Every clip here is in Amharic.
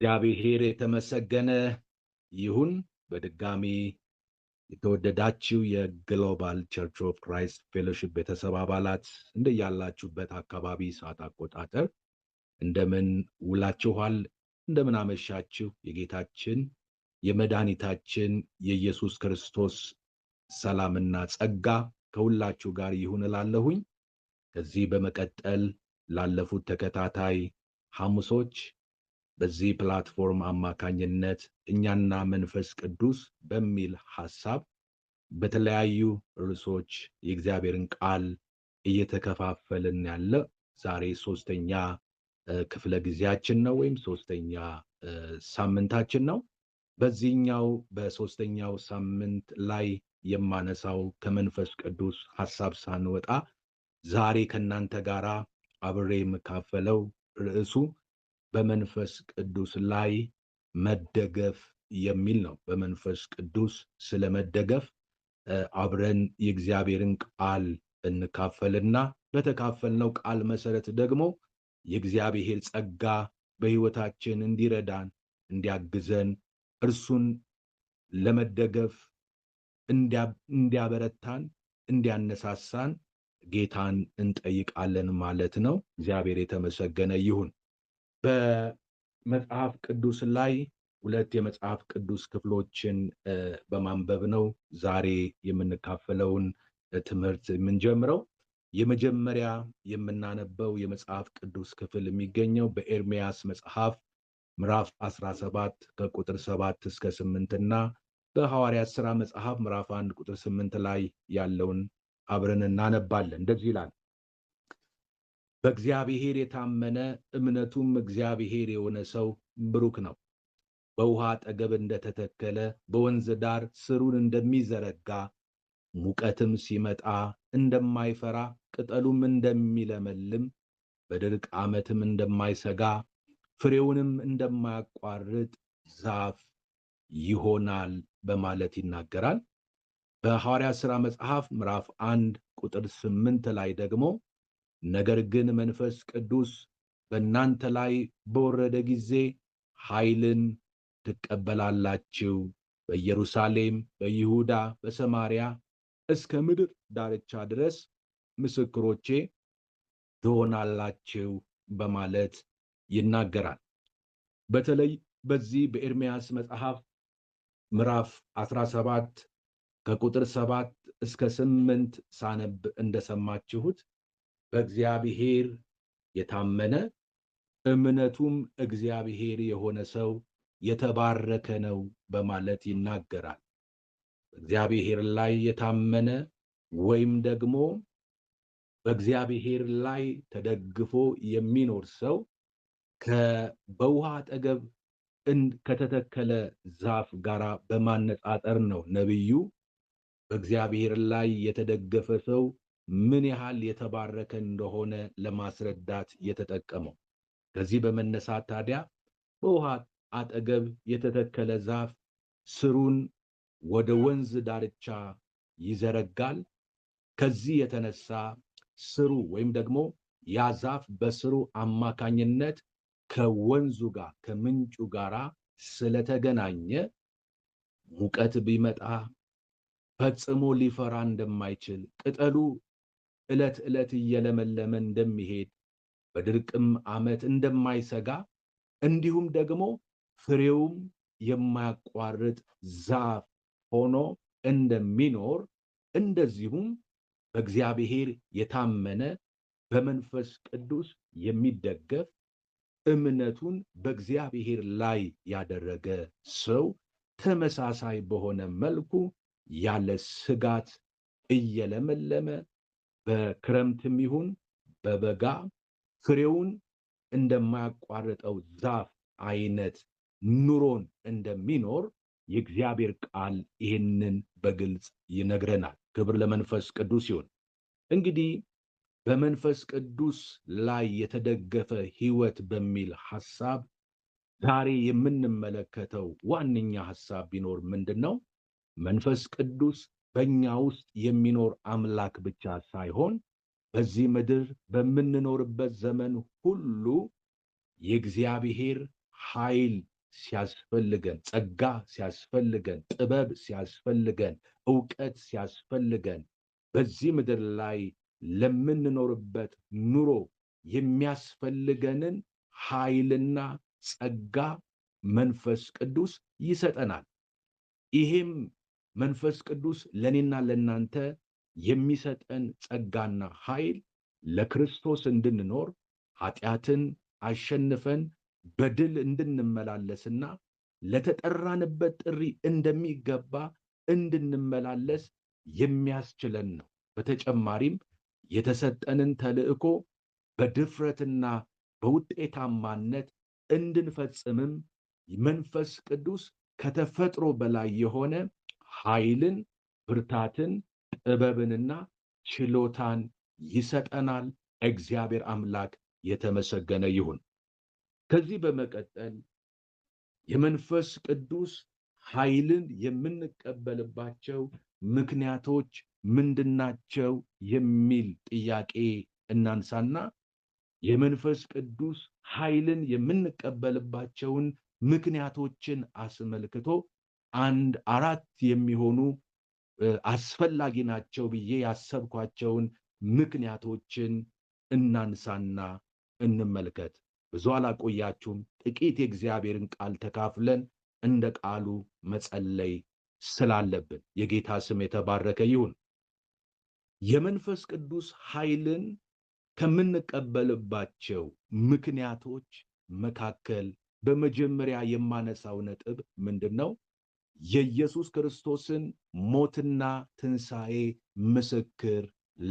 እግዚአብሔር የተመሰገነ ይሁን። በድጋሚ የተወደዳችው የግሎባል ቸርች ኦፍ ክራይስት ፌሎሺፕ ቤተሰብ አባላት እንደያላችሁበት አካባቢ ሰዓት አቆጣጠር እንደምን ውላችኋል? እንደምን አመሻችሁ? የጌታችን የመድኃኒታችን የኢየሱስ ክርስቶስ ሰላምና ጸጋ ከሁላችሁ ጋር ይሁን እላለሁኝ። ከዚህ በመቀጠል ላለፉት ተከታታይ ሐሙሶች በዚህ ፕላትፎርም አማካኝነት እኛና መንፈስ ቅዱስ በሚል ሀሳብ በተለያዩ ርዕሶች የእግዚአብሔርን ቃል እየተከፋፈልን ያለ ዛሬ ሶስተኛ ክፍለ ጊዜያችን ነው ወይም ሶስተኛ ሳምንታችን ነው። በዚህኛው በሶስተኛው ሳምንት ላይ የማነሳው ከመንፈስ ቅዱስ ሀሳብ ሳንወጣ ዛሬ ከእናንተ ጋራ አብሬ የምካፈለው ርዕሱ በመንፈስ ቅዱስ ላይ መደገፍ የሚል ነው። በመንፈስ ቅዱስ ስለመደገፍ አብረን የእግዚአብሔርን ቃል እንካፈልና በተካፈልነው ቃል መሰረት ደግሞ የእግዚአብሔር ጸጋ በሕይወታችን እንዲረዳን እንዲያግዘን እርሱን ለመደገፍ እንዲያበረታን እንዲያነሳሳን ጌታን እንጠይቃለን ማለት ነው። እግዚአብሔር የተመሰገነ ይሁን። በመጽሐፍ ቅዱስ ላይ ሁለት የመጽሐፍ ቅዱስ ክፍሎችን በማንበብ ነው ዛሬ የምንካፈለውን ትምህርት የምንጀምረው። የመጀመሪያ የምናነበው የመጽሐፍ ቅዱስ ክፍል የሚገኘው በኤርሚያስ መጽሐፍ ምዕራፍ 17 ከቁጥር 7 እስከ 8 እና በሐዋርያት ሥራ መጽሐፍ ምዕራፍ 1 ቁጥር 8 ላይ ያለውን አብረን እናነባለን። እንደዚህ ይላል በእግዚአብሔር የታመነ እምነቱም እግዚአብሔር የሆነ ሰው ብሩክ ነው። በውሃ አጠገብ እንደተተከለ በወንዝ ዳር ስሩን እንደሚዘረጋ ሙቀትም ሲመጣ እንደማይፈራ ቅጠሉም እንደሚለመልም በድርቅ ዓመትም እንደማይሰጋ ፍሬውንም እንደማያቋርጥ ዛፍ ይሆናል በማለት ይናገራል። በሐዋርያ ሥራ መጽሐፍ ምዕራፍ አንድ ቁጥር ስምንት ላይ ደግሞ ነገር ግን መንፈስ ቅዱስ በእናንተ ላይ በወረደ ጊዜ ኃይልን ትቀበላላችሁ፣ በኢየሩሳሌም፣ በይሁዳ፣ በሰማርያ እስከ ምድር ዳርቻ ድረስ ምስክሮቼ ትሆናላችሁ በማለት ይናገራል። በተለይ በዚህ በኤርምያስ መጽሐፍ ምዕራፍ 17 ከቁጥር 7 እስከ 8 ሳነብ እንደሰማችሁት በእግዚአብሔር የታመነ እምነቱም እግዚአብሔር የሆነ ሰው የተባረከ ነው በማለት ይናገራል። በእግዚአብሔር ላይ የታመነ ወይም ደግሞ በእግዚአብሔር ላይ ተደግፎ የሚኖር ሰው በውሃ አጠገብ ከተተከለ ዛፍ ጋር በማነጻጠር ነው ነቢዩ በእግዚአብሔር ላይ የተደገፈ ሰው ምን ያህል የተባረከ እንደሆነ ለማስረዳት የተጠቀመው። ከዚህ በመነሳት ታዲያ በውሃ አጠገብ የተተከለ ዛፍ ስሩን ወደ ወንዝ ዳርቻ ይዘረጋል። ከዚህ የተነሳ ስሩ ወይም ደግሞ ያ ዛፍ በስሩ አማካኝነት ከወንዙ ጋር ከምንጩ ጋራ ስለተገናኘ ሙቀት ቢመጣ ፈጽሞ ሊፈራ እንደማይችል ቅጠሉ ዕለት ዕለት እየለመለመ እንደሚሄድ በድርቅም ዓመት እንደማይሰጋ እንዲሁም ደግሞ ፍሬውም የማያቋርጥ ዛፍ ሆኖ እንደሚኖር እንደዚሁም በእግዚአብሔር የታመነ በመንፈስ ቅዱስ የሚደገፍ እምነቱን በእግዚአብሔር ላይ ያደረገ ሰው ተመሳሳይ በሆነ መልኩ ያለ ስጋት እየለመለመ በክረምትም ይሁን በበጋ ፍሬውን እንደማያቋርጠው ዛፍ አይነት ኑሮን እንደሚኖር የእግዚአብሔር ቃል ይህንን በግልጽ ይነግረናል። ክብር ለመንፈስ ቅዱስ ይሁን። እንግዲህ በመንፈስ ቅዱስ ላይ የተደገፈ ሕይወት በሚል ሐሳብ ዛሬ የምንመለከተው ዋነኛ ሐሳብ ቢኖር ምንድን ነው? መንፈስ ቅዱስ በእኛ ውስጥ የሚኖር አምላክ ብቻ ሳይሆን በዚህ ምድር በምንኖርበት ዘመን ሁሉ የእግዚአብሔር ኃይል ሲያስፈልገን፣ ጸጋ ሲያስፈልገን፣ ጥበብ ሲያስፈልገን፣ እውቀት ሲያስፈልገን በዚህ ምድር ላይ ለምንኖርበት ኑሮ የሚያስፈልገንን ኃይልና ጸጋ መንፈስ ቅዱስ ይሰጠናል። ይሄም መንፈስ ቅዱስ ለእኔና ለእናንተ የሚሰጠን ጸጋና ኃይል ለክርስቶስ እንድንኖር ኃጢአትን አሸንፈን በድል እንድንመላለስና ለተጠራንበት ጥሪ እንደሚገባ እንድንመላለስ የሚያስችለን ነው። በተጨማሪም የተሰጠንን ተልዕኮ በድፍረትና በውጤታማነት እንድንፈጽምም መንፈስ ቅዱስ ከተፈጥሮ በላይ የሆነ ኃይልን፣ ብርታትን፣ ጥበብንና ችሎታን ይሰጠናል። እግዚአብሔር አምላክ የተመሰገነ ይሁን። ከዚህ በመቀጠል የመንፈስ ቅዱስ ኃይልን የምንቀበልባቸው ምክንያቶች ምንድናቸው? የሚል ጥያቄ እናንሳና የመንፈስ ቅዱስ ኃይልን የምንቀበልባቸውን ምክንያቶችን አስመልክቶ አንድ አራት የሚሆኑ አስፈላጊ ናቸው ብዬ ያሰብኳቸውን ምክንያቶችን እናንሳና እንመልከት። ብዙ አላቆያችሁም። ጥቂት የእግዚአብሔርን ቃል ተካፍለን እንደ ቃሉ መጸለይ ስላለብን የጌታ ስም የተባረከ ይሁን። የመንፈስ ቅዱስ ኃይልን ከምንቀበልባቸው ምክንያቶች መካከል በመጀመሪያ የማነሳው ነጥብ ምንድን ነው? የኢየሱስ ክርስቶስን ሞትና ትንሣኤ ምስክር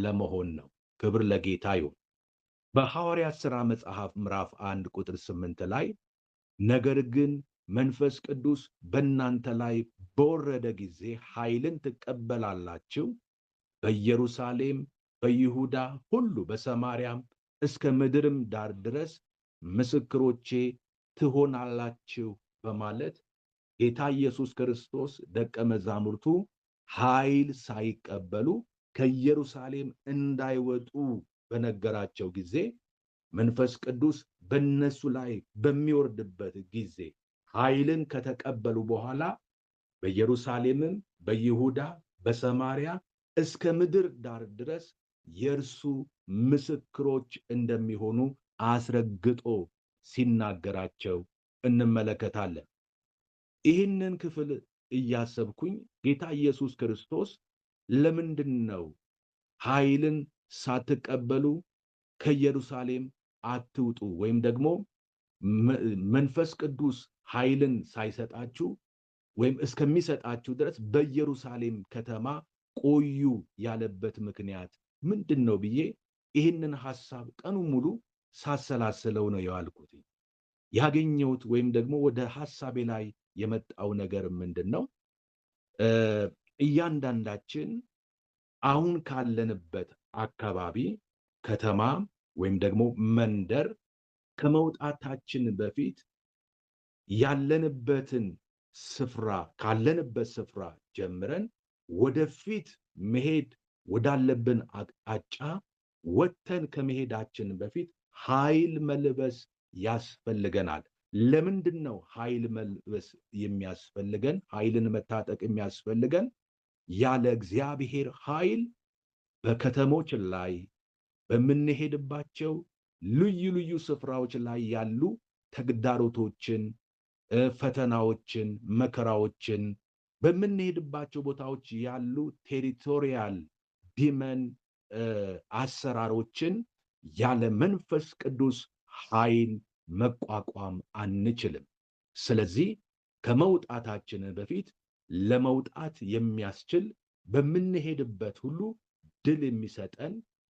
ለመሆን ነው። ክብር ለጌታ ይሁን። በሐዋርያት ሥራ መጽሐፍ ምዕራፍ አንድ ቁጥር ስምንት ላይ ነገር ግን መንፈስ ቅዱስ በእናንተ ላይ በወረደ ጊዜ ኃይልን ትቀበላላችሁ፣ በኢየሩሳሌም በይሁዳ ሁሉ በሰማርያም እስከ ምድርም ዳር ድረስ ምስክሮቼ ትሆናላችሁ በማለት ጌታ ኢየሱስ ክርስቶስ ደቀ መዛሙርቱ ኃይል ሳይቀበሉ ከኢየሩሳሌም እንዳይወጡ በነገራቸው ጊዜ መንፈስ ቅዱስ በእነሱ ላይ በሚወርድበት ጊዜ ኃይልን ከተቀበሉ በኋላ በኢየሩሳሌምም፣ በይሁዳ፣ በሰማሪያ እስከ ምድር ዳር ድረስ የእርሱ ምስክሮች እንደሚሆኑ አስረግጦ ሲናገራቸው እንመለከታለን። ይህንን ክፍል እያሰብኩኝ ጌታ ኢየሱስ ክርስቶስ ለምንድን ነው ኃይልን ሳትቀበሉ ከኢየሩሳሌም አትውጡ ወይም ደግሞ መንፈስ ቅዱስ ኃይልን ሳይሰጣችሁ ወይም እስከሚሰጣችሁ ድረስ በኢየሩሳሌም ከተማ ቆዩ ያለበት ምክንያት ምንድን ነው ብዬ ይህንን ሐሳብ ቀኑ ሙሉ ሳሰላስለው ነው የዋልኩት። ያገኘሁት ወይም ደግሞ ወደ ሐሳቤ ላይ የመጣው ነገር ምንድን ነው? እያንዳንዳችን አሁን ካለንበት አካባቢ ከተማ ወይም ደግሞ መንደር ከመውጣታችን በፊት ያለንበትን ስፍራ ካለንበት ስፍራ ጀምረን ወደፊት መሄድ ወዳለብን አቅጣጫ ወጥተን ከመሄዳችን በፊት ኃይል መልበስ ያስፈልገናል። ለምንድን ነው ኃይል መልበስ የሚያስፈልገን? ኃይልን መታጠቅ የሚያስፈልገን? ያለ እግዚአብሔር ኃይል በከተሞች ላይ በምንሄድባቸው ልዩ ልዩ ስፍራዎች ላይ ያሉ ተግዳሮቶችን፣ ፈተናዎችን፣ መከራዎችን በምንሄድባቸው ቦታዎች ያሉ ቴሪቶሪያል ዲመን አሰራሮችን ያለ መንፈስ ቅዱስ ኃይል መቋቋም አንችልም። ስለዚህ ከመውጣታችን በፊት ለመውጣት የሚያስችል በምንሄድበት ሁሉ ድል የሚሰጠን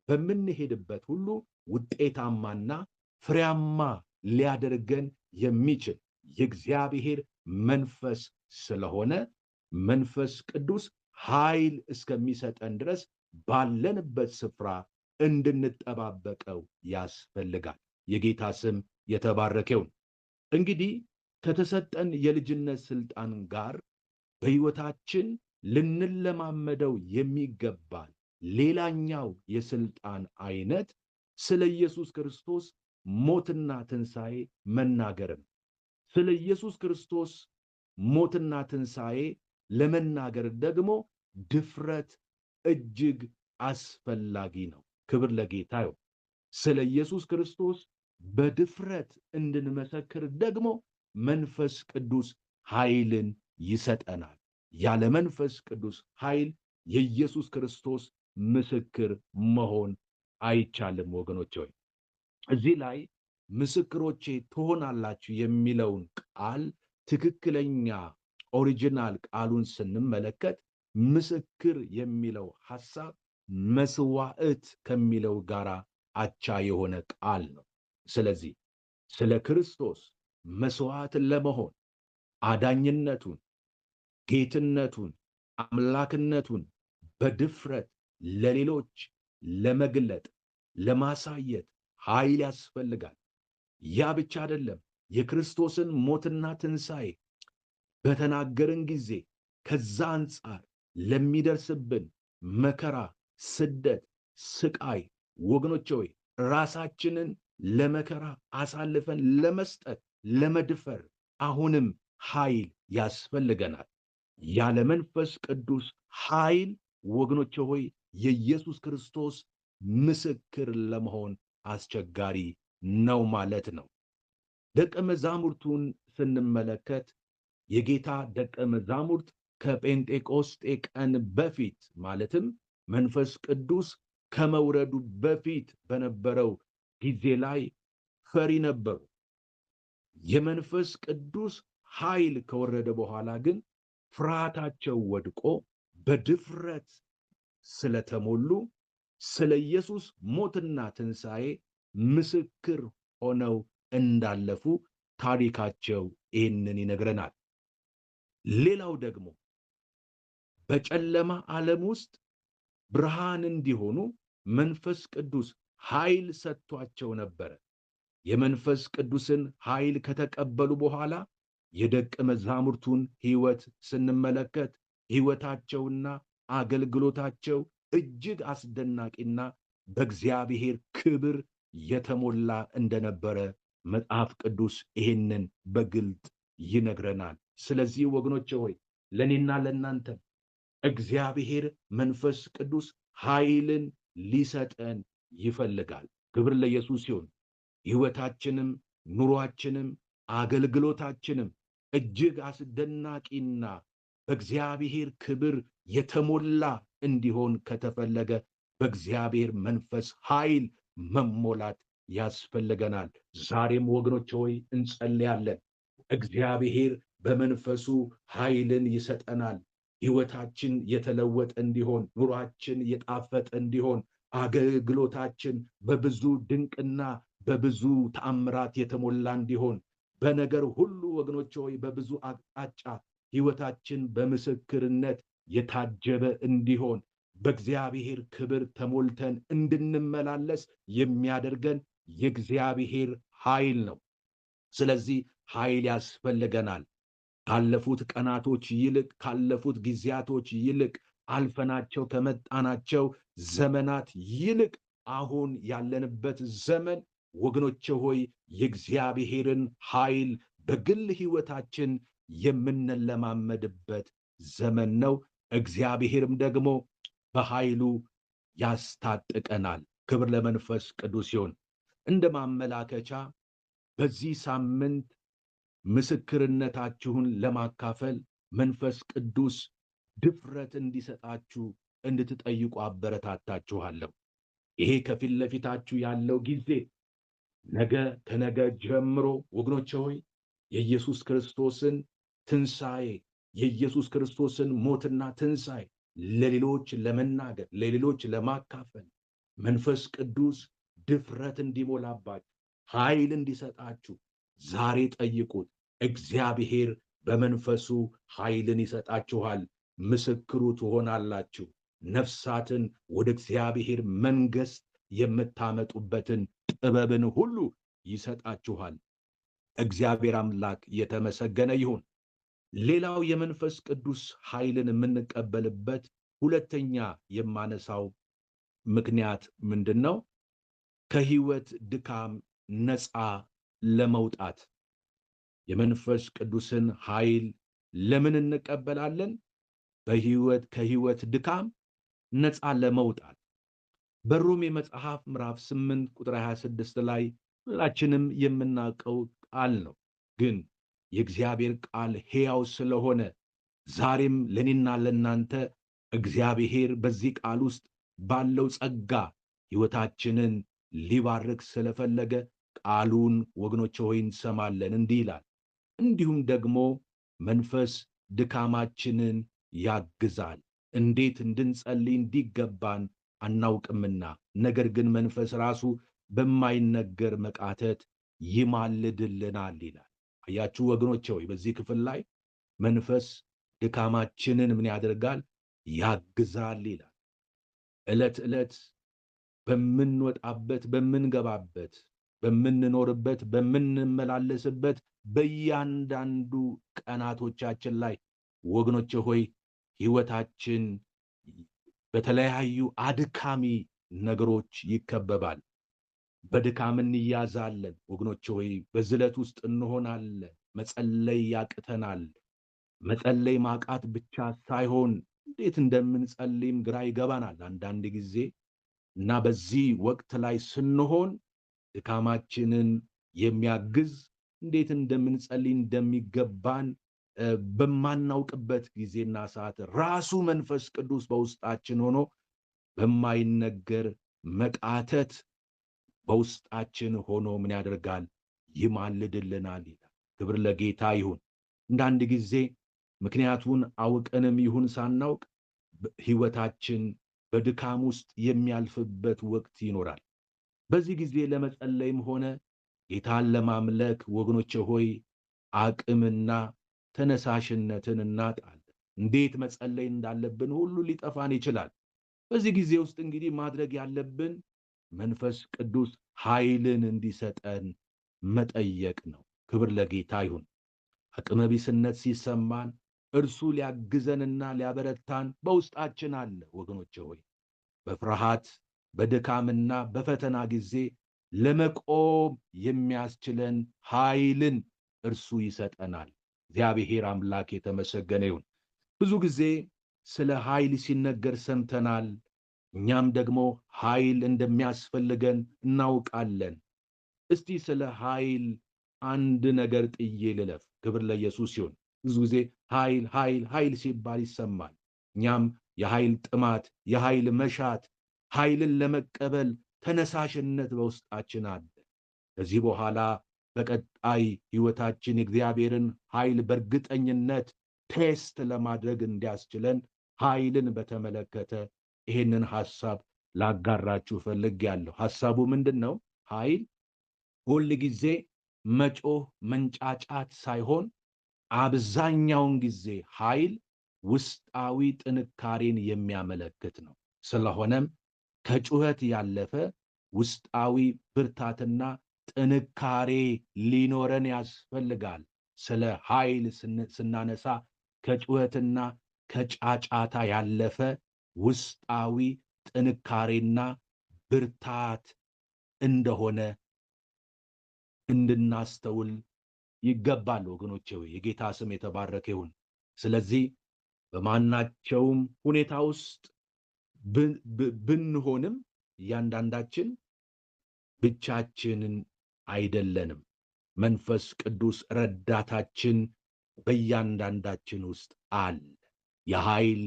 በምንሄድበት ሁሉ ውጤታማና ፍሬያማ ሊያደርገን የሚችል የእግዚአብሔር መንፈስ ስለሆነ መንፈስ ቅዱስ ኃይል እስከሚሰጠን ድረስ ባለንበት ስፍራ እንድንጠባበቀው ያስፈልጋል። የጌታ ስም የተባረከው እንግዲህ ከተሰጠን የልጅነት ስልጣን ጋር በሕይወታችን ልንለማመደው የሚገባን ሌላኛው የስልጣን አይነት ስለ ኢየሱስ ክርስቶስ ሞትና ትንሣኤ መናገርም ስለ ኢየሱስ ክርስቶስ ሞትና ትንሣኤ ለመናገር ደግሞ ድፍረት እጅግ አስፈላጊ ነው። ክብር ለጌታ ይሁን። ስለ ኢየሱስ ክርስቶስ በድፍረት እንድንመሰክር ደግሞ መንፈስ ቅዱስ ኃይልን ይሰጠናል። ያለ መንፈስ ቅዱስ ኃይል የኢየሱስ ክርስቶስ ምስክር መሆን አይቻልም። ወገኖች ሆይ እዚህ ላይ ምስክሮቼ ትሆናላችሁ የሚለውን ቃል ትክክለኛ ኦሪጂናል ቃሉን ስንመለከት ምስክር የሚለው ሐሳብ መስዋዕት ከሚለው ጋራ አቻ የሆነ ቃል ነው። ስለዚህ ስለ ክርስቶስ መስዋዕትን ለመሆን አዳኝነቱን፣ ጌትነቱን፣ አምላክነቱን በድፍረት ለሌሎች ለመግለጥ ለማሳየት ኃይል ያስፈልጋል። ያ ብቻ አይደለም። የክርስቶስን ሞትና ትንሣኤ በተናገርን ጊዜ ከዛ አንጻር ለሚደርስብን መከራ፣ ስደት፣ ስቃይ ወገኖች ሆይ ራሳችንን ለመከራ አሳልፈን ለመስጠት ለመድፈር አሁንም ኃይል ያስፈልገናል። ያለ መንፈስ ቅዱስ ኃይል ወገኖች ሆይ የኢየሱስ ክርስቶስ ምስክር ለመሆን አስቸጋሪ ነው ማለት ነው። ደቀ መዛሙርቱን ስንመለከት የጌታ ደቀ መዛሙርት ከጴንጤቆስጤ ቀን በፊት ማለትም መንፈስ ቅዱስ ከመውረዱ በፊት በነበረው ጊዜ ላይ ፈሪ ነበሩ። የመንፈስ ቅዱስ ኃይል ከወረደ በኋላ ግን ፍርሃታቸው ወድቆ በድፍረት ስለተሞሉ ስለ ኢየሱስ ሞትና ትንሣኤ ምስክር ሆነው እንዳለፉ ታሪካቸው ይህንን ይነግረናል። ሌላው ደግሞ በጨለማ ዓለም ውስጥ ብርሃን እንዲሆኑ መንፈስ ቅዱስ ኃይል ሰጥቷቸው ነበረ። የመንፈስ ቅዱስን ኃይል ከተቀበሉ በኋላ የደቀ መዛሙርቱን ሕይወት ስንመለከት ሕይወታቸውና አገልግሎታቸው እጅግ አስደናቂና በእግዚአብሔር ክብር የተሞላ እንደነበረ መጽሐፍ ቅዱስ ይሄንን በግልጥ ይነግረናል። ስለዚህ ወገኖቼ ሆይ ለእኔና ለእናንተም እግዚአብሔር መንፈስ ቅዱስ ኃይልን ሊሰጠን ይፈልጋል። ክብር ለኢየሱስ ይሁን። ህይወታችንም ኑሯችንም አገልግሎታችንም እጅግ አስደናቂና በእግዚአብሔር ክብር የተሞላ እንዲሆን ከተፈለገ በእግዚአብሔር መንፈስ ኃይል መሞላት ያስፈልገናል። ዛሬም ወገኖች ሆይ እንጸልያለን። እግዚአብሔር በመንፈሱ ኃይልን ይሰጠናል። ህይወታችን የተለወጠ እንዲሆን፣ ኑሯችን የጣፈጠ እንዲሆን አገልግሎታችን በብዙ ድንቅና በብዙ ተአምራት የተሞላ እንዲሆን በነገር ሁሉ ወገኖች ሆይ በብዙ አቅጣጫ ህይወታችን በምስክርነት የታጀበ እንዲሆን በእግዚአብሔር ክብር ተሞልተን እንድንመላለስ የሚያደርገን የእግዚአብሔር ኃይል ነው። ስለዚህ ኃይል ያስፈልገናል። ካለፉት ቀናቶች ይልቅ ካለፉት ጊዜያቶች ይልቅ አልፈናቸው ከመጣናቸው ዘመናት ይልቅ አሁን ያለንበት ዘመን ወገኖቼ ሆይ የእግዚአብሔርን ኃይል በግል ህይወታችን የምንለማመድበት ዘመን ነው። እግዚአብሔርም ደግሞ በኃይሉ ያስታጥቀናል። ክብር ለመንፈስ ቅዱስ ይሁን። እንደ ማመላከቻ በዚህ ሳምንት ምስክርነታችሁን ለማካፈል መንፈስ ቅዱስ ድፍረት እንዲሰጣችሁ እንድትጠይቁ አበረታታችኋለሁ። ይሄ ከፊት ለፊታችሁ ያለው ጊዜ ነገ ከነገ ጀምሮ ወገኖቼ ሆይ የኢየሱስ ክርስቶስን ትንሣኤ የኢየሱስ ክርስቶስን ሞትና ትንሣኤ ለሌሎች ለመናገር ለሌሎች ለማካፈል መንፈስ ቅዱስ ድፍረት እንዲሞላባችሁ ኃይል እንዲሰጣችሁ ዛሬ ጠይቁት። እግዚአብሔር በመንፈሱ ኃይልን ይሰጣችኋል። ምስክሩ ትሆናላችሁ። ነፍሳትን ወደ እግዚአብሔር መንግሥት የምታመጡበትን ጥበብን ሁሉ ይሰጣችኋል። እግዚአብሔር አምላክ የተመሰገነ ይሁን። ሌላው የመንፈስ ቅዱስ ኃይልን የምንቀበልበት ሁለተኛ የማነሳው ምክንያት ምንድን ነው? ከህይወት ድካም ነፃ ለመውጣት የመንፈስ ቅዱስን ኃይል ለምን እንቀበላለን? በህይወት ከህይወት ድካም ነፃ ለመውጣት በሮሜ መጽሐፍ ምዕራፍ 8 ቁጥር 26 ላይ ሁላችንም የምናውቀው ቃል ነው። ግን የእግዚአብሔር ቃል ሕያው ስለሆነ ዛሬም ለእኔና ለእናንተ እግዚአብሔር በዚህ ቃል ውስጥ ባለው ጸጋ ሕይወታችንን ሊባርክ ስለፈለገ ቃሉን ወገኖች ሆይ እንሰማለን። እንዲህ ይላል፣ እንዲሁም ደግሞ መንፈስ ድካማችንን ያግዛል። እንዴት እንድንጸልይ እንዲገባን አናውቅምና፣ ነገር ግን መንፈስ ራሱ በማይነገር መቃተት ይማልድልናል ይላል። አያችሁ ወገኖቼ ሆይ በዚህ ክፍል ላይ መንፈስ ድካማችንን ምን ያደርጋል? ያግዛል ይላል። ዕለት ዕለት በምንወጣበት፣ በምንገባበት፣ በምንኖርበት፣ በምንመላለስበት በእያንዳንዱ ቀናቶቻችን ላይ ወገኖቼ ሆይ ህይወታችን በተለያዩ አድካሚ ነገሮች ይከበባል። በድካም እንያዛለን። ወገኖች ሆይ በዝለት ውስጥ እንሆናለን። መጸለይ ያቅተናል። መጸለይ ማቃት ብቻ ሳይሆን እንዴት እንደምንጸልይም ግራ ይገባናል አንዳንድ ጊዜ እና በዚህ ወቅት ላይ ስንሆን ድካማችንን የሚያግዝ እንዴት እንደምንጸልይ እንደሚገባን በማናውቅበት ጊዜና ሰዓት ራሱ መንፈስ ቅዱስ በውስጣችን ሆኖ በማይነገር መቃተት በውስጣችን ሆኖ ምን ያደርጋል? ይማልድልናል ይላል። ክብር ለጌታ ይሁን። አንዳንድ ጊዜ ምክንያቱን አውቀንም ይሁን ሳናውቅ ህይወታችን በድካም ውስጥ የሚያልፍበት ወቅት ይኖራል። በዚህ ጊዜ ለመጸለይም ሆነ ጌታን ለማምለክ ወገኖቼ ሆይ አቅምና ተነሳሽነትን እናጣለን። እንዴት መጸለይ እንዳለብን ሁሉ ሊጠፋን ይችላል። በዚህ ጊዜ ውስጥ እንግዲህ ማድረግ ያለብን መንፈስ ቅዱስ ኃይልን እንዲሰጠን መጠየቅ ነው። ክብር ለጌታ ይሁን። አቅመቢስነት ሲሰማን እርሱ ሊያግዘንና ሊያበረታን በውስጣችን አለ። ወገኖች ሆይ በፍርሃት በድካምና በፈተና ጊዜ ለመቆም የሚያስችለን ኃይልን እርሱ ይሰጠናል። እግዚአብሔር አምላክ የተመሰገነ ይሁን። ብዙ ጊዜ ስለ ኃይል ሲነገር ሰምተናል። እኛም ደግሞ ኃይል እንደሚያስፈልገን እናውቃለን። እስቲ ስለ ኃይል አንድ ነገር ጥዬ ልለፍ። ክብር ለኢየሱስ ይሁን። ብዙ ጊዜ ኃይል ኃይል ኃይል ሲባል ይሰማል። እኛም የኃይል ጥማት፣ የኃይል መሻት፣ ኃይልን ለመቀበል ተነሳሽነት በውስጣችን አለ። ከዚህ በኋላ በቀጣይ ህይወታችን የእግዚአብሔርን ኃይል በእርግጠኝነት ቴስት ለማድረግ እንዲያስችለን ኃይልን በተመለከተ ይህንን ሀሳብ ላጋራችሁ ፈልግ ያለሁ። ሀሳቡ ምንድን ነው? ኃይል ሁል ጊዜ መጮህ፣ መንጫጫት ሳይሆን አብዛኛውን ጊዜ ኃይል ውስጣዊ ጥንካሬን የሚያመለክት ነው። ስለሆነም ከጩኸት ያለፈ ውስጣዊ ብርታትና ጥንካሬ ሊኖረን ያስፈልጋል። ስለ ኃይል ስናነሳ ከጩኸትና ከጫጫታ ያለፈ ውስጣዊ ጥንካሬና ብርታት እንደሆነ እንድናስተውል ይገባል። ወገኖቼ የጌታ ስም የተባረከ ይሁን። ስለዚህ በማናቸውም ሁኔታ ውስጥ ብንሆንም እያንዳንዳችን ብቻችንን አይደለንም። መንፈስ ቅዱስ ረዳታችን በእያንዳንዳችን ውስጥ አለ። የኃይል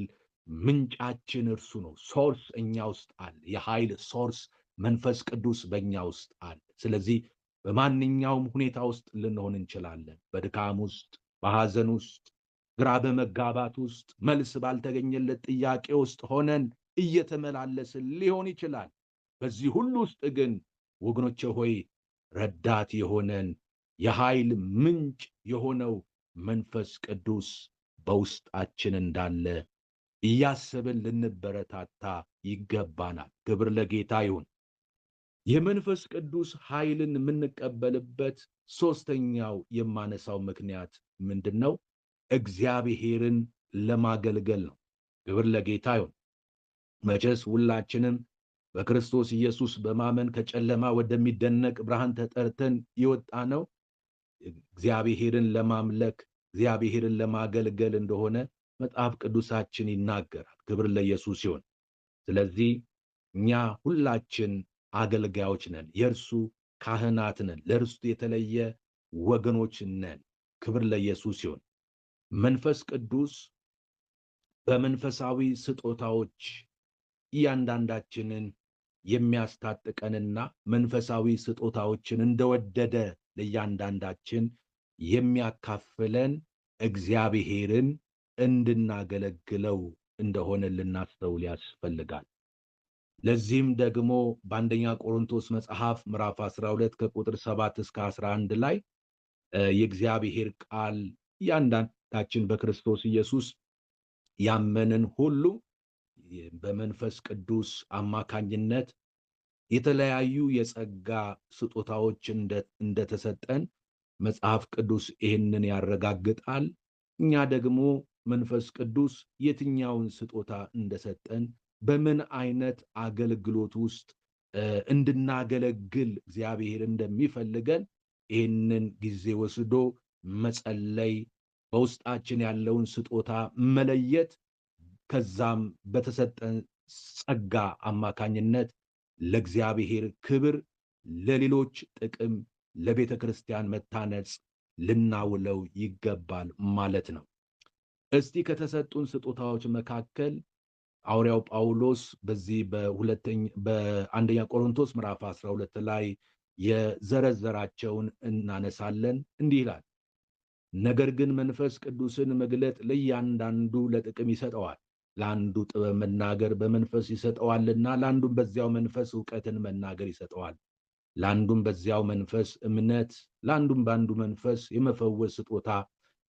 ምንጫችን እርሱ ነው። ሶርስ እኛ ውስጥ አለ። የኃይል ሶርስ መንፈስ ቅዱስ በእኛ ውስጥ አለ። ስለዚህ በማንኛውም ሁኔታ ውስጥ ልንሆን እንችላለን። በድካም ውስጥ፣ በሐዘን ውስጥ፣ ግራ በመጋባት ውስጥ፣ መልስ ባልተገኘለት ጥያቄ ውስጥ ሆነን እየተመላለስን ሊሆን ይችላል። በዚህ ሁሉ ውስጥ ግን ወገኖቼ ሆይ ረዳት የሆነን የኃይል ምንጭ የሆነው መንፈስ ቅዱስ በውስጣችን እንዳለ እያሰብን ልንበረታታ ይገባናል። ክብር ለጌታ ይሁን። የመንፈስ ቅዱስ ኃይልን የምንቀበልበት ሶስተኛው የማነሳው ምክንያት ምንድን ነው? እግዚአብሔርን ለማገልገል ነው። ክብር ለጌታ ይሁን። መቼስ ሁላችንም በክርስቶስ ኢየሱስ በማመን ከጨለማ ወደሚደነቅ ብርሃን ተጠርተን የወጣ ነው እግዚአብሔርን ለማምለክ እግዚአብሔርን ለማገልገል እንደሆነ መጽሐፍ ቅዱሳችን ይናገራል። ክብር ለኢየሱስ ይሁን። ስለዚህ እኛ ሁላችን አገልጋዮች ነን፣ የእርሱ ካህናት ነን፣ ለእርሱ የተለየ ወገኖች ነን። ክብር ለኢየሱስ ይሁን። መንፈስ ቅዱስ በመንፈሳዊ ስጦታዎች እያንዳንዳችንን የሚያስታጥቀንና መንፈሳዊ ስጦታዎችን እንደወደደ ለእያንዳንዳችን የሚያካፍለን እግዚአብሔርን እንድናገለግለው እንደሆነ ልናስተውል ያስፈልጋል። ለዚህም ደግሞ በአንደኛ ቆሮንቶስ መጽሐፍ ምዕራፍ 12 ከቁጥር 7 እስከ 11 ላይ የእግዚአብሔር ቃል እያንዳንዳችን በክርስቶስ ኢየሱስ ያመንን ሁሉ በመንፈስ ቅዱስ አማካኝነት የተለያዩ የጸጋ ስጦታዎች እንደተሰጠን መጽሐፍ ቅዱስ ይህንን ያረጋግጣል። እኛ ደግሞ መንፈስ ቅዱስ የትኛውን ስጦታ እንደሰጠን በምን አይነት አገልግሎት ውስጥ እንድናገለግል እግዚአብሔር እንደሚፈልገን ይህንን ጊዜ ወስዶ መጸለይ፣ በውስጣችን ያለውን ስጦታ መለየት ከዛም በተሰጠን ጸጋ አማካኝነት ለእግዚአብሔር ክብር፣ ለሌሎች ጥቅም፣ ለቤተ ክርስቲያን መታነጽ ልናውለው ይገባል ማለት ነው። እስቲ ከተሰጡን ስጦታዎች መካከል ሐዋርያው ጳውሎስ በዚህ በአንደኛ ቆሮንቶስ ምዕራፍ 12 ላይ የዘረዘራቸውን እናነሳለን። እንዲህ ይላል፣ ነገር ግን መንፈስ ቅዱስን መግለጥ ለእያንዳንዱ ለጥቅም ይሰጠዋል ለአንዱ ጥበብ መናገር በመንፈስ ይሰጠዋልና ለአንዱም በዚያው መንፈስ እውቀትን መናገር ይሰጠዋል፣ ለአንዱም በዚያው መንፈስ እምነት፣ ለአንዱም በአንዱ መንፈስ የመፈወስ ስጦታ፣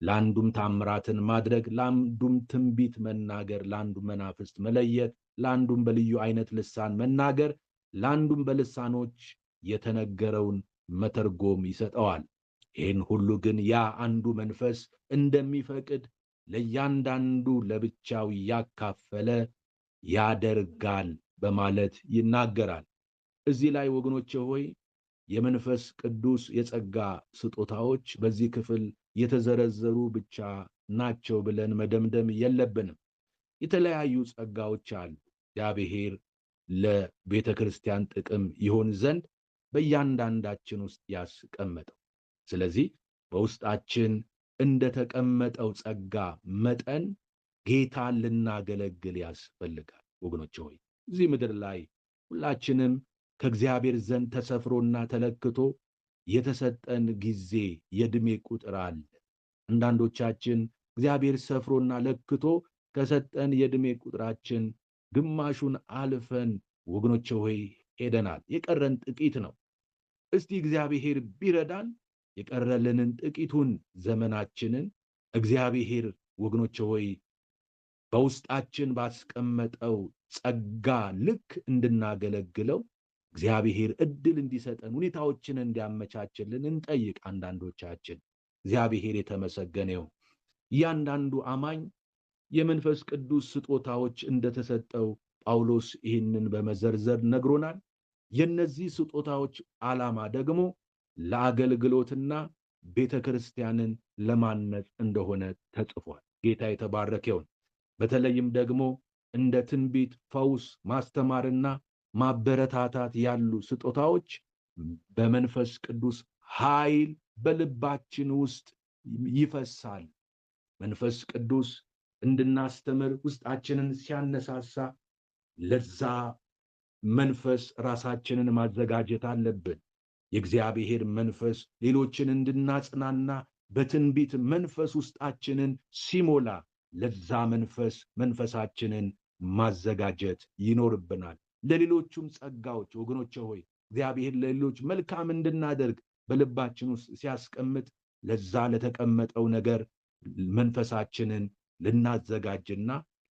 ለአንዱም ታምራትን ማድረግ፣ ለአንዱም ትንቢት መናገር፣ ለአንዱ መናፍስት መለየት፣ ለአንዱም በልዩ አይነት ልሳን መናገር፣ ለአንዱም በልሳኖች የተነገረውን መተርጎም ይሰጠዋል። ይህን ሁሉ ግን ያ አንዱ መንፈስ እንደሚፈቅድ ለእያንዳንዱ ለብቻው እያካፈለ ያደርጋል በማለት ይናገራል። እዚህ ላይ ወገኖቼ ሆይ የመንፈስ ቅዱስ የጸጋ ስጦታዎች በዚህ ክፍል የተዘረዘሩ ብቻ ናቸው ብለን መደምደም የለብንም። የተለያዩ ጸጋዎች አሉ። እግዚአብሔር ለቤተ ክርስቲያን ጥቅም ይሆን ዘንድ በእያንዳንዳችን ውስጥ ያስቀመጠው። ስለዚህ በውስጣችን እንደተቀመጠው ጸጋ መጠን ጌታን ልናገለግል ያስፈልጋል። ወገኖች ሆይ እዚህ ምድር ላይ ሁላችንም ከእግዚአብሔር ዘንድ ተሰፍሮና ተለክቶ የተሰጠን ጊዜ የዕድሜ ቁጥር አለ። አንዳንዶቻችን እግዚአብሔር ሰፍሮና ለክቶ ከሰጠን የዕድሜ ቁጥራችን ግማሹን አልፈን ወገኖች ሆይ ሄደናል። የቀረን ጥቂት ነው። እስቲ እግዚአብሔር ቢረዳን የቀረልንን ጥቂቱን ዘመናችንን እግዚአብሔር ወገኖች ሆይ በውስጣችን ባስቀመጠው ጸጋ ልክ እንድናገለግለው እግዚአብሔር እድል እንዲሰጠን ሁኔታዎችን እንዲያመቻችልን እንጠይቅ። አንዳንዶቻችን እግዚአብሔር የተመሰገነው እያንዳንዱ አማኝ የመንፈስ ቅዱስ ስጦታዎች እንደተሰጠው ጳውሎስ ይህንን በመዘርዘር ነግሮናል። የነዚህ ስጦታዎች ዓላማ ደግሞ ለአገልግሎትና ቤተ ክርስቲያንን ለማነጽ እንደሆነ ተጽፏል። ጌታ የተባረከ ይሁን። በተለይም ደግሞ እንደ ትንቢት፣ ፈውስ፣ ማስተማርና ማበረታታት ያሉ ስጦታዎች በመንፈስ ቅዱስ ኃይል በልባችን ውስጥ ይፈሳል። መንፈስ ቅዱስ እንድናስተምር ውስጣችንን ሲያነሳሳ ለዛ መንፈስ ራሳችንን ማዘጋጀት አለብን። የእግዚአብሔር መንፈስ ሌሎችን እንድናጽናና በትንቢት መንፈስ ውስጣችንን ሲሞላ ለዛ መንፈስ መንፈሳችንን ማዘጋጀት ይኖርብናል። ለሌሎቹም ጸጋዎች ወገኖች ሆይ እግዚአብሔር ለሌሎች መልካም እንድናደርግ በልባችን ውስጥ ሲያስቀምጥ ለዛ ለተቀመጠው ነገር መንፈሳችንን ልናዘጋጅና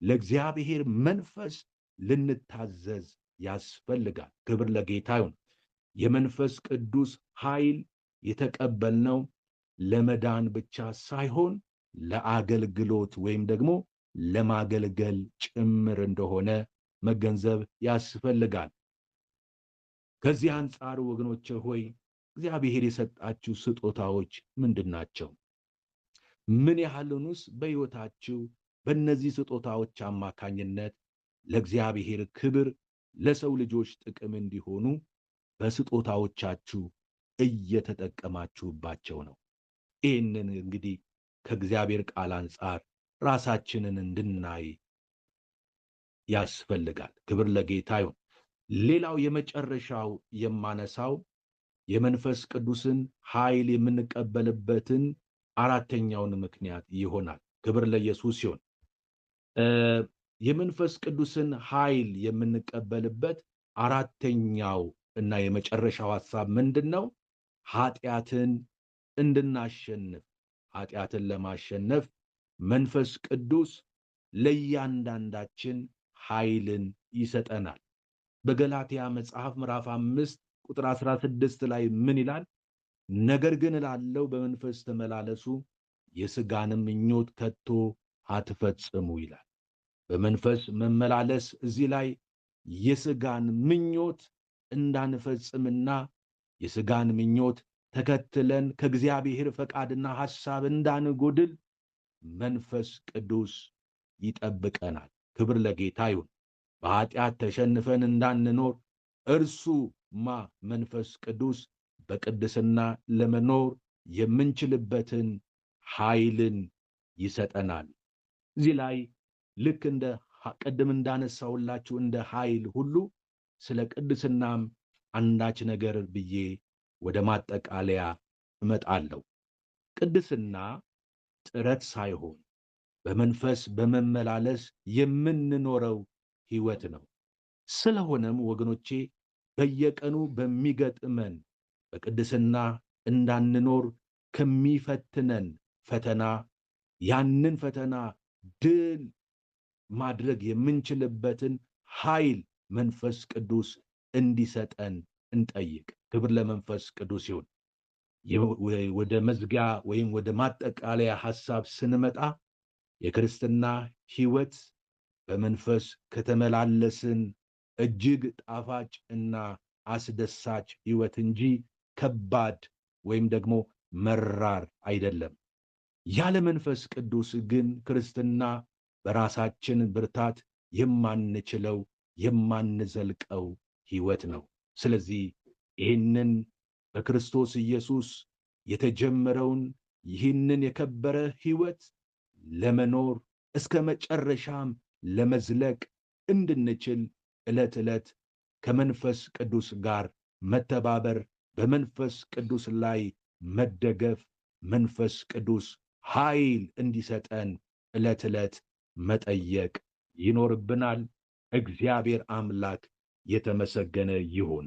ለእግዚአብሔር መንፈስ ልንታዘዝ ያስፈልጋል። ክብር ለጌታ ይሁን። የመንፈስ ቅዱስ ኃይል የተቀበልነው ለመዳን ብቻ ሳይሆን ለአገልግሎት ወይም ደግሞ ለማገልገል ጭምር እንደሆነ መገንዘብ ያስፈልጋል። ከዚህ አንጻር ወገኖቼ ሆይ እግዚአብሔር የሰጣችሁ ስጦታዎች ምንድን ናቸው? ምን ያህልንስ በሕይወታችሁ በእነዚህ ስጦታዎች አማካኝነት ለእግዚአብሔር ክብር ለሰው ልጆች ጥቅም እንዲሆኑ በስጦታዎቻችሁ እየተጠቀማችሁባቸው ነው። ይህንን እንግዲህ ከእግዚአብሔር ቃል አንጻር ራሳችንን እንድናይ ያስፈልጋል። ክብር ለጌታ ይሁን። ሌላው የመጨረሻው የማነሳው የመንፈስ ቅዱስን ኃይል የምንቀበልበትን አራተኛውን ምክንያት ይሆናል። ክብር ለኢየሱስ ይሁን። የመንፈስ ቅዱስን ኃይል የምንቀበልበት አራተኛው እና የመጨረሻው ሐሳብ ምንድን ነው? ኃጢአትን እንድናሸንፍ ኃጢአትን ለማሸነፍ መንፈስ ቅዱስ ለእያንዳንዳችን ኃይልን ይሰጠናል። በገላትያ መጽሐፍ ምዕራፍ አምስት ቁጥር አስራ ስድስት ላይ ምን ይላል? ነገር ግን እላለሁ በመንፈስ ተመላለሱ፣ የሥጋንም ምኞት ከቶ አትፈጽሙ ይላል። በመንፈስ መመላለስ እዚህ ላይ የሥጋን ምኞት እንዳንፈጽምና የሥጋን ምኞት ተከትለን ከእግዚአብሔር ፈቃድና ሐሳብ እንዳንጎድል መንፈስ ቅዱስ ይጠብቀናል። ክብር ለጌታ ይሁን። በኃጢአት ተሸንፈን እንዳንኖር እርሱማ መንፈስ ቅዱስ በቅድስና ለመኖር የምንችልበትን ኃይልን ይሰጠናል። እዚህ ላይ ልክ እንደ ቅድም እንዳነሳሁላችሁ እንደ ኃይል ሁሉ ስለ ቅድስናም አንዳች ነገር ብዬ ወደ ማጠቃለያ እመጣለሁ። ቅድስና ጥረት ሳይሆን በመንፈስ በመመላለስ የምንኖረው ሕይወት ነው። ስለሆነም ወገኖቼ በየቀኑ በሚገጥመን በቅድስና እንዳንኖር ከሚፈትነን ፈተና ያንን ፈተና ድል ማድረግ የምንችልበትን ኃይል መንፈስ ቅዱስ እንዲሰጠን እንጠይቅ። ክብር ለመንፈስ ቅዱስ ይሁን። ወደ መዝጊያ ወይም ወደ ማጠቃለያ ሐሳብ ስንመጣ የክርስትና ሕይወት በመንፈስ ከተመላለስን እጅግ ጣፋጭ እና አስደሳች ሕይወት እንጂ ከባድ ወይም ደግሞ መራር አይደለም። ያለ መንፈስ ቅዱስ ግን ክርስትና በራሳችን ብርታት የማንችለው የማንዘልቀው ህይወት ነው። ስለዚህ ይህንን በክርስቶስ ኢየሱስ የተጀመረውን ይህንን የከበረ ህይወት ለመኖር እስከ መጨረሻም ለመዝለቅ እንድንችል ዕለት ዕለት ከመንፈስ ቅዱስ ጋር መተባበር፣ በመንፈስ ቅዱስ ላይ መደገፍ፣ መንፈስ ቅዱስ ኃይል እንዲሰጠን ዕለት ዕለት መጠየቅ ይኖርብናል። እግዚአብሔር አምላክ የተመሰገነ ይሁን።